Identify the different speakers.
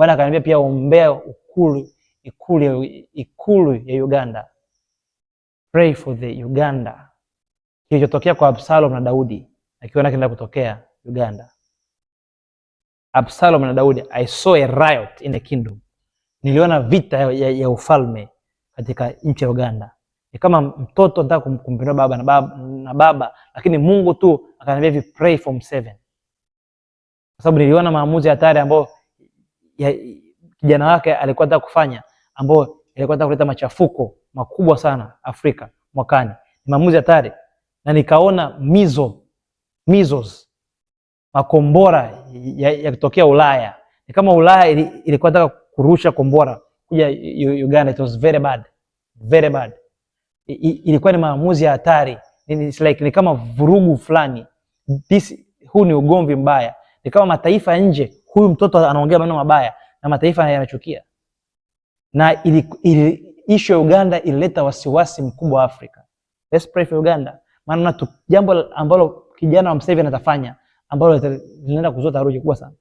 Speaker 1: Bwana akaniambia pia ombea ukulu, ikulu, ikulu ya Uganda. Pray for the Uganda. Kilichotokea kwa Absalom na Daudi akiona kinaenda kutokea Uganda. Absalom na Daudi, I saw a riot in the kingdom. Niliona vita ya, ya, ya ufalme katika nchi ya Uganda. Ni kama mtoto nataka kumpindua baba na baba na baba, lakini Mungu tu akaniambia vi pray for from seven, kwa sababu niliona maamuzi hatari ambayo ya kijana wake alikuwa anataka kufanya, ambayo ilikuwa anataka kuleta machafuko makubwa sana Afrika mwakani. Ni maamuzi hatari, na nikaona mizo mizos makombora yakitokea ya Ulaya ni kama Ulaya ilikuwa anataka kurusha kombora kuja Uganda. It was very bad, very bad. I, ilikuwa ni maamuzi ya hatari, like, ni kama vurugu fulani this, huu ni ugomvi mbaya, ni kama mataifa nje huyu mtoto anaongea maneno mabaya na mataifa yanachukia. Na ili, ili ishu ya Uganda ilileta wasiwasi mkubwa wa Afrika. Let's pray for Uganda, maana jambo ambalo kijana wa msaivi anatafanya ambalo linaenda kuzua taharuki kubwa sana.